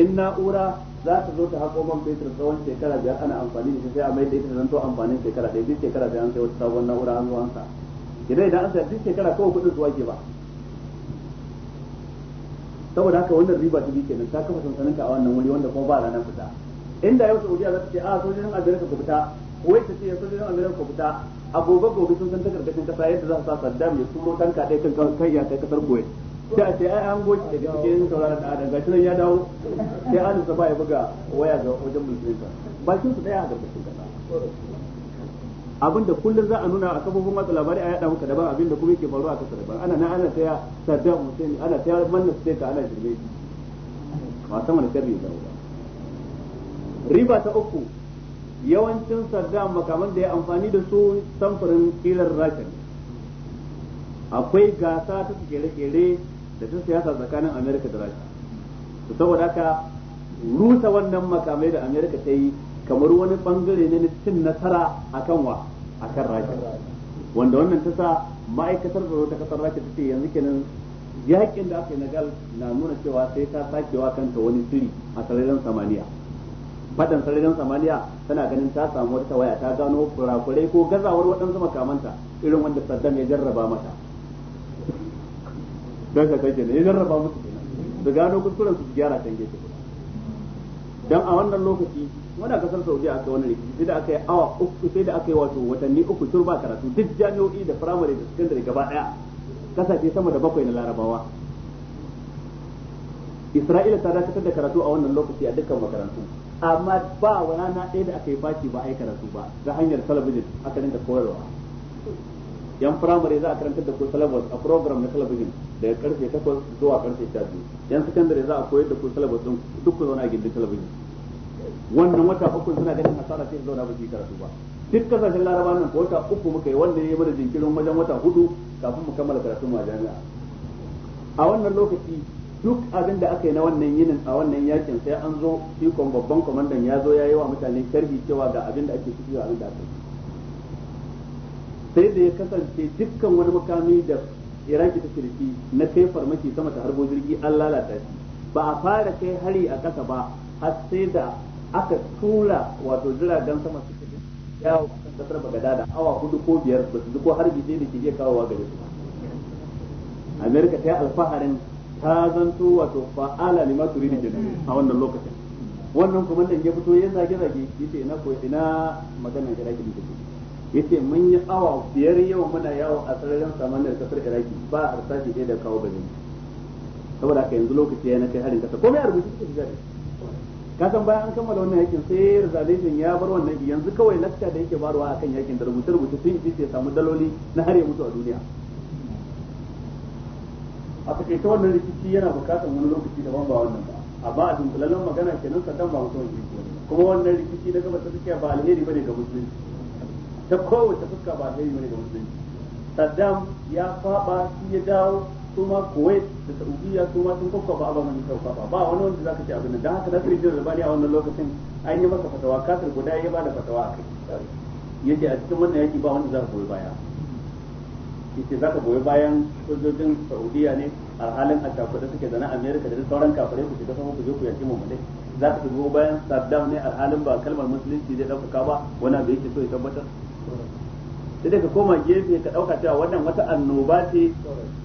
in na'ura za ta zo ta hako man fetur tsawon shekara biyar ana amfani da shi sai a mai da ita zanto amfanin shekara ɗaya duk shekara biyar an sai wata sabon na'ura an zo an sa idan idan an sayar duk shekara kawai kudin zuwa ke ba saboda haka wannan riba ta biyu kenan ta kafa sansanin ka a wannan wuri wanda kuma ba ranar fita inda yau saudiya za ta ce a sojojin amerika ku fita wai ta ce sojojin amerika ku fita a gobe gobe sun san ta karkashin kasa yadda za su sa saddam ya turo tanka ɗaya kan kai ya kai kasar kuwait sai a ce ai an goce daga cikin sauraron da adam gashi nan ya dawo sai an sa ba ya buga waya ga wajen musulunta bakin su ɗaya a gabashin kasa abin da kullum za a nuna a kafofin masu labarai a yada muka daban abin da kuma yake faruwa a kasa daban ana na ana taya sarda Hussein ana taya manna su ka ana shirme shi ba san wani karni da ba riba ta uku yawancin sarda makaman da ya amfani da su samfurin kilar rashin akwai gasa ta kere-kere da ta siyasa tsakanin Amerika da rashin saboda haka rusa wannan makamai da Amerika ta yi kamar wani bangare ne na cin nasara kan wa akan rashi wanda wannan ta sa ma'aikatar tsaro ta kasar rashi ta ce yanzu kenan yakin da aka yi na ga na nuna cewa sai ta sakewa kanta wani siri a sararin samaniya fadan sararin samaniya tana ganin ta samu wata waya ta gano kurakurai ko gazawar waɗansu makamanta irin wanda saddam ya jarraba mata don ka ya jarraba musu kenan su gano kuskuren su gyara can gefe don a wannan lokaci wanda kasar saudiya aka wani rikici sai da aka yi awa uku sai da aka yi wato watanni uku turba karatu duk jami'o'i da firamare da sakandare gaba daya kasashe sama da bakwai na larabawa isra'ila ta dakatar da karatu a wannan lokaci a dukkan makarantu amma ba rana ɗaya da aka yi baki ba a yi karatu ba ta hanyar talabijin aka dinga koyarwa yan firamare za a karantar da ku salabas a program na talabijin daga karfe takwas zuwa karfe sha biyu yan sakandare za a koyar da ku salabas din duk ku zauna a gindin talabijin wannan wata uku suna ganin hasara sai zauna ba shi karatu ba duk kasashen laraba nan ko wata uku muka yi wanda ya yi mana jinkirin wajen wata hudu kafin mu kammala karatu a jami'a a wannan lokaci duk abin da aka yi na wannan yinin a wannan yakin sai an zo ikon babban kwamandan ya zo ya yi wa mutane sharhi cewa ga abin da ake ciki abin da aka yi sai da ya kasance dukkan wani mukami da iraki ta shirki na kai farmaki sama ta harbo jirgi an lalata shi ba a fara kai hari a kasa ba har sai da aka tura wato jiragen sama su je yawo kan kasar bagada da awa hudu ko biyar ba su ko harbi ne da ke iya kawowa gare su amerika ta yi alfaharin ta zanto wato fa'ala ne masu rini kenan a wannan lokacin wannan kuma nan ya fito ya zage zage yace na ko ina maganar iraki da take yace mun yi awa biyar yau muna yawo a sararin samanin kasar iraki ba harsashi ɗaya da kawo gare saboda haka yanzu lokaci ya na kai harin kasa komai a rubuce cikin jari san bayan an kammala wannan yakin sai reservation ya bar wannan yanzu kawai lakta da yake barwa akan yakin da rubuce rubuce sun yi sai samu daloli na har ya mutu a duniya a takaita wannan rikici yana bukatar wani lokaci ban ba wannan ba amma a dunkulallen magana kenan sadan ba mutum yake kuma wannan rikici na gaba ta suke ba alheri bane ga musulunci ta kowace fuska ba alheri bane ga musulunci saddam ya faɓa shi ya dawo su ma kuwait da saudiya su ma sun kwakwaba bangon kwakwaba ba wani wanda zaka ce abin dan haka nasir jin rabani a wannan lokacin an yi masa fatawa kafir guda ya bada fatawa a kai ce a cikin wannan yaki ba wanda zaka goyi baya za ka goyi bayan sojojin saudiya ne a halin a takwada suke zana amerika da sauran kafare ku shiga sama ku je ku yaki mu mulai ka goyi bayan saddam ne a halin ba kalmar musulunci zai dauka ba wani abu yake so ya tabbatar sai daga koma gefe ka dauka cewa wannan wata annoba ce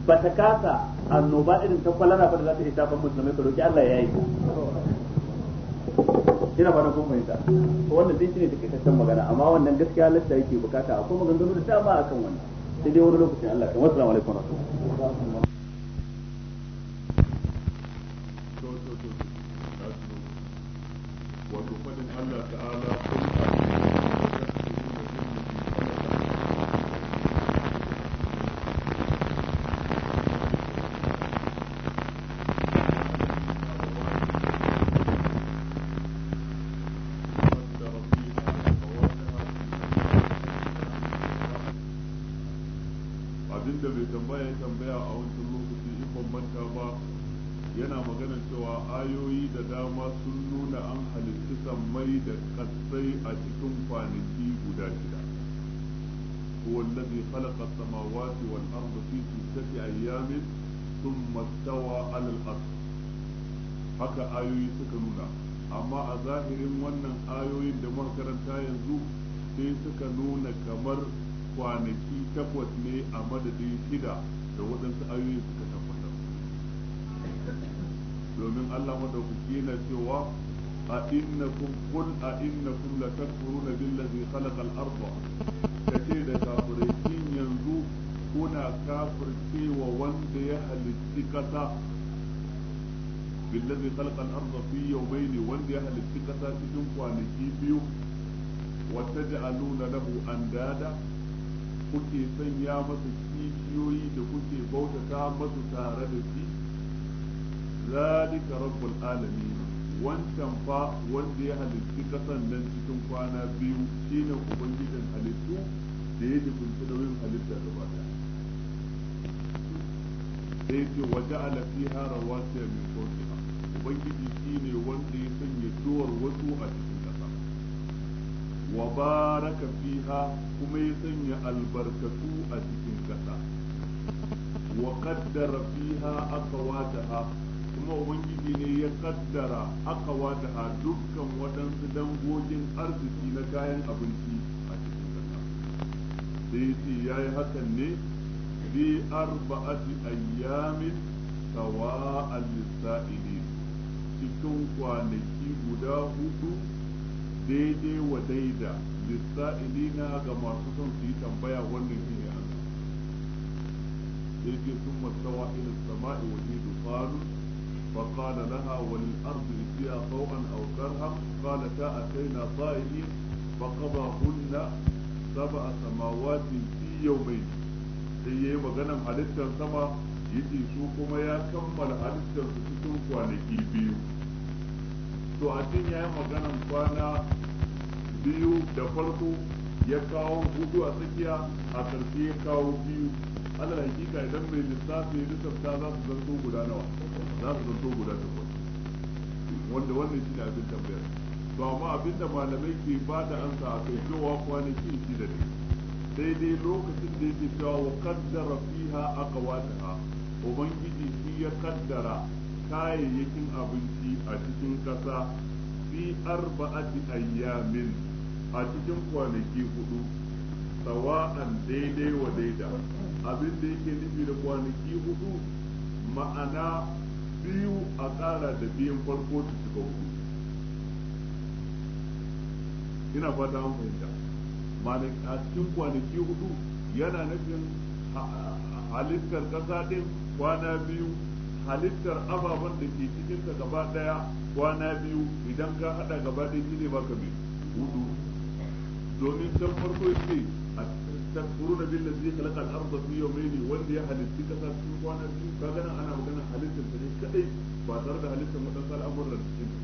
ba ta kasa annoba irin ta kwalara ba da za ta yi tafan musulmai ka roki Allah ya yi ina fara kun fahimta to wannan dai shine takaitaccen magana amma wannan gaskiya lissa yake bukata akwai maganganu da dama akan wannan sai dai wani lokacin Allah kan wasu alaikum warahmatullahi wato fadin Allah ta'ala خلق السماوات والأرض في ستة أيام ثم استوى على الأرض haka ayoyi suka nuna amma a zahirin wannan ayoyin da makaranta yanzu sai suka nuna kamar kwanaki takwas ne a madadin shida da waɗansu ayoyi suka tabbatar domin Allah madaukaki yana cewa أئنكم قل أئنكم لتكفرون بالذي خلق الأرض كثير كافرين kuna kafircewa wanda ya halitti kasa billazi khalaqal arda fi yawmayni wanda ya halitti kasa cikin kwanaki biyu wa taj'aluna lahu andada kuke sanya masa kishiyoyi da kuke bautata masa tare da shi zalika rabbul alamin wancan fa wanda ya halitti kasan nan cikin kwana biyu shine ubangijin halittu da ya da wurin halitta gaba daya sai yace waja'ala fiha rawasiya min fawqiha ubangiji ne wanda ya sanya duwar wasu a cikin kasa wa baraka fiha kuma ya sanya albarkatu a cikin kasa wa qaddara fiha aqwataha kuma ubangiji ne ya kaddara aka ha dukkan waɗansu dangogin arziki na kayan abinci a cikin ƙasa sai ya ya yi hakan ne في أربعة أيام سواء للسائلين cikin kwanaki guda hudu daidai wa daida lissa'ili na ga masu son su yi tambaya wannan shi ne an sun matsawa ilin sama'i da faru ba kala laha wani arzu ya fiya sau'an aukar ha kala ta a kai na sa'ili ba kaba hunna saba a samawa fi yau mai sai ya yi maganan halittar sama ce su kuma ya kammala halittar su cikin kwanaki biyu to a cikin yi maganan kwana biyu da farko ya kawo hudu a tsakiya a ƙarshe ya kawo biyu ala hakika idan mai lissafi ya lissafta za su zanto guda nawa za su zanto guda takwas wanda wannan ne abin tambayar to amma abin da malamai ke ba da ansa a kai kowa kwanaki shi da ne daidai lokacin da yake cewa wa qaddara fiha aqwataha ubangiji shi ya kaddara kayayyakin abinci a cikin kasa fi arba'ati ayyamin a cikin kwanaki hudu sawa'an daidai wa daida abin da yake nufi da kwanaki hudu ma'ana biyu a ƙara da biyan farko su cika hudu ina fata an fahimta a cikin kwanaki hudu yana nufin halittar kasa din kwana biyu halittar ababen da ke cikin ka gaba daya kwana biyu idan ka haɗa gaba ɗaya shine baka biyu hudu domin can farko ce a takfuruna billazi zai al-ardha fi ne wanda ya halitti kasa cikin kwana biyu ka gana ana magana halittar ta ne kadai ba tare da halittar wadansu al'amuran cikin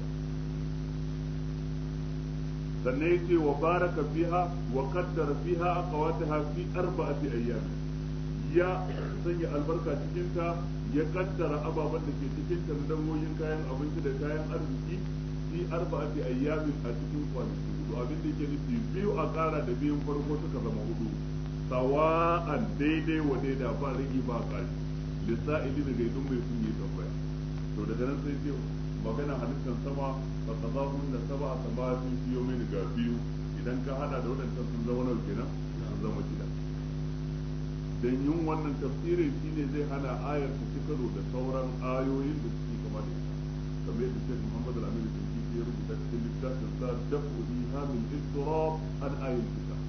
sannan yace wa baraka fiha wa kaddara fiha aqwataha fi arba'ati ayyam ya sanya albarka cikin ya kaddara ababen da ke cikin ta kayan abinci da kayan arziki fi arba'ati ayyam a cikin kwanaki hudu abin da yake nufi biyu a kara da biyun farko suka zama hudu sawa'an daidai wa daida ba rigi ba kari lissa'ili daga idan mai sun yi tambaya to daga nan sai ce magana halittar sama fa qadahunna sab'a samawati fi yawmin ga biyu idan ka hada da wadannan sun zama nawa kenan sun zama shida dan yin wannan tafsirin shine zai hana ayar ta ci da sauran ayoyin da suke kama da ita kamar yadda Sheikh Muhammad Al-Amin Al-Tinki ya rubuta cikin littafin sa dafu biha min istirab an ayatul kitab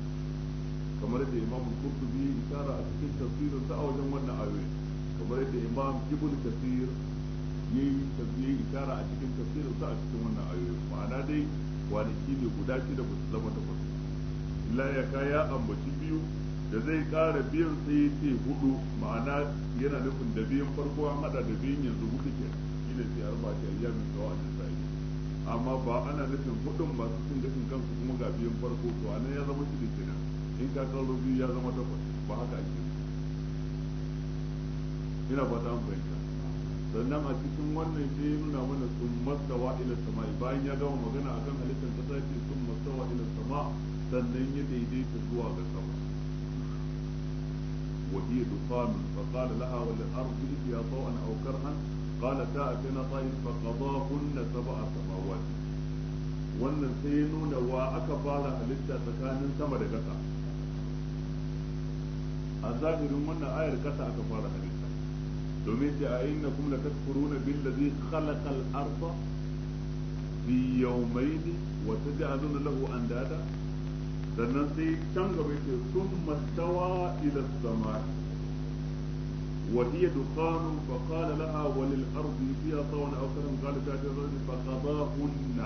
kamar yadda Imam Qurtubi isara a cikin tafsirin sa a wajen wannan ayoyi kamar yadda Imam Ibn Kathir yayi tafsirin ishara a cikin tafsirin sa a cikin wannan ayoyin ma'ana dai kwanaki ne guda shi da su zama da takwas illa ya kaya ambaci biyu da zai ƙara biyan sai ce hudu ma'ana yana nufin da biyan farko an hada da biyan yanzu hudu ke shine sai arba ta ayyamin sawa da sai amma ba ana nufin hudun ba su cin dafin kansu kuma ga biyan farko to anan ya zama shi shida kenan in ka karo biyu ya zama takwas ba haka ake ina ba ta fahimta sannan a cikin wannan sai ya nuna mana sun mastawa ila sama'i bayan ya gama magana akan halittar kasa ce sun mastawa ila sama sannan ya daidaita zuwa ga sama wa hiya dukhan fa qala laha wal ardi ya tawan aw karhan qala ta'atina ta'in fa qadahunna sab'a samawat wannan sai ya nuna wa aka fara halitta tsakanin sama da kasa a zahirin wannan ayar kasa aka fara halitta domin ce a inna kuma la takfuruna billazi khalaqa al-arda fi yawmayn wa taj'aluna lahu andada sannan sai can gaba yake thumma tawa ila as-samaa'i وهي دخان فقال لها وللأرض فيها طوعا أو كرها قالت هذه فقضاهن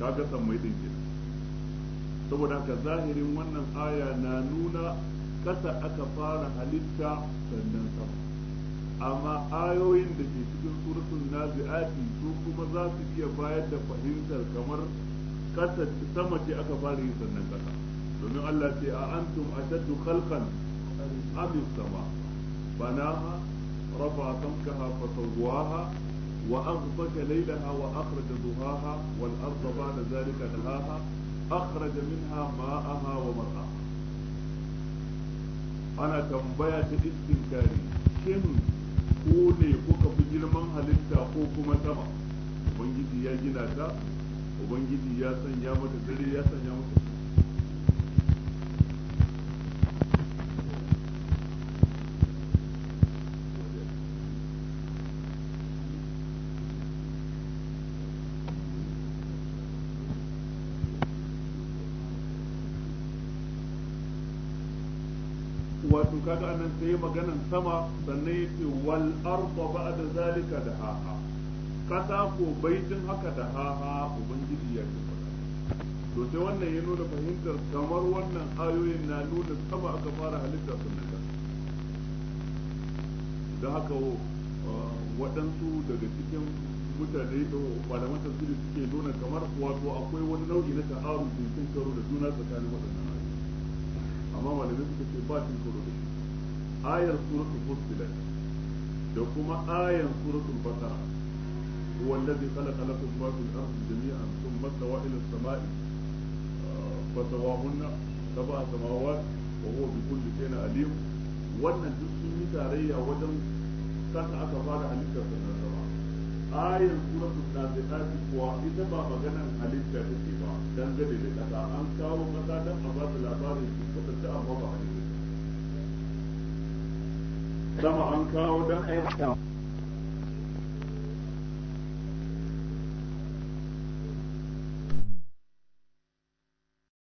كاكا سميت كده saboda haka zahirin wannan aya na nuna kasa aka fara halitta sannan sama amma ayoyin da ke cikin suratul nazi'ati su kuma za su iya bayar da fahimtar kamar kasa sama ce aka fara yin sannan kasa domin Allah ce a antum ashaddu khalqan am sama banaha rafa samkaha fa sawwaha wa aghfaqa laylaha wa akhraja duhaha wal arda ba'da zalika dahaha akhraja minha ma'aha wa mar'aha ana tambaya ta istinkari shin ko ne kuka fi girman halitta ko kuma sama ubangiji ya gina ta ubangiji ya sanya mata dare ya sanya mata wato kaga anan sai maganan sama sannan ya ce wal ba'a ba'da zalika da haha kasa ko baitin haka da dahaha ubangiji ya ce to sai wannan ya nuna fahimtar kamar wannan ayoyin na nuna sama aka fara halitta sannan da haka uh, waɗansu daga cikin mutane uh, malaman tafsiri suke nuna kamar wato akwai wani nau'i na ta'aruf cikin karo da juna tsakanin waɗannan amma malamai suka ce ba cin karo da shi ayar suratul fussilat da kuma ayar suratul baqara هو الذي خلق لكم ما في الارض جميعا ثم استوى الى السماء فسواهن سبع سماوات وهو بكل شيء عليم wannan duk sun yi tarayya wajen kasa aka fara halittar sana ayar suratul naziqat kuwa ita ba maganan halitta take ba dangane da ƙasa an kawo maza dan a ba su labarin su a amma ba halitta sama an kawo dan ayyuka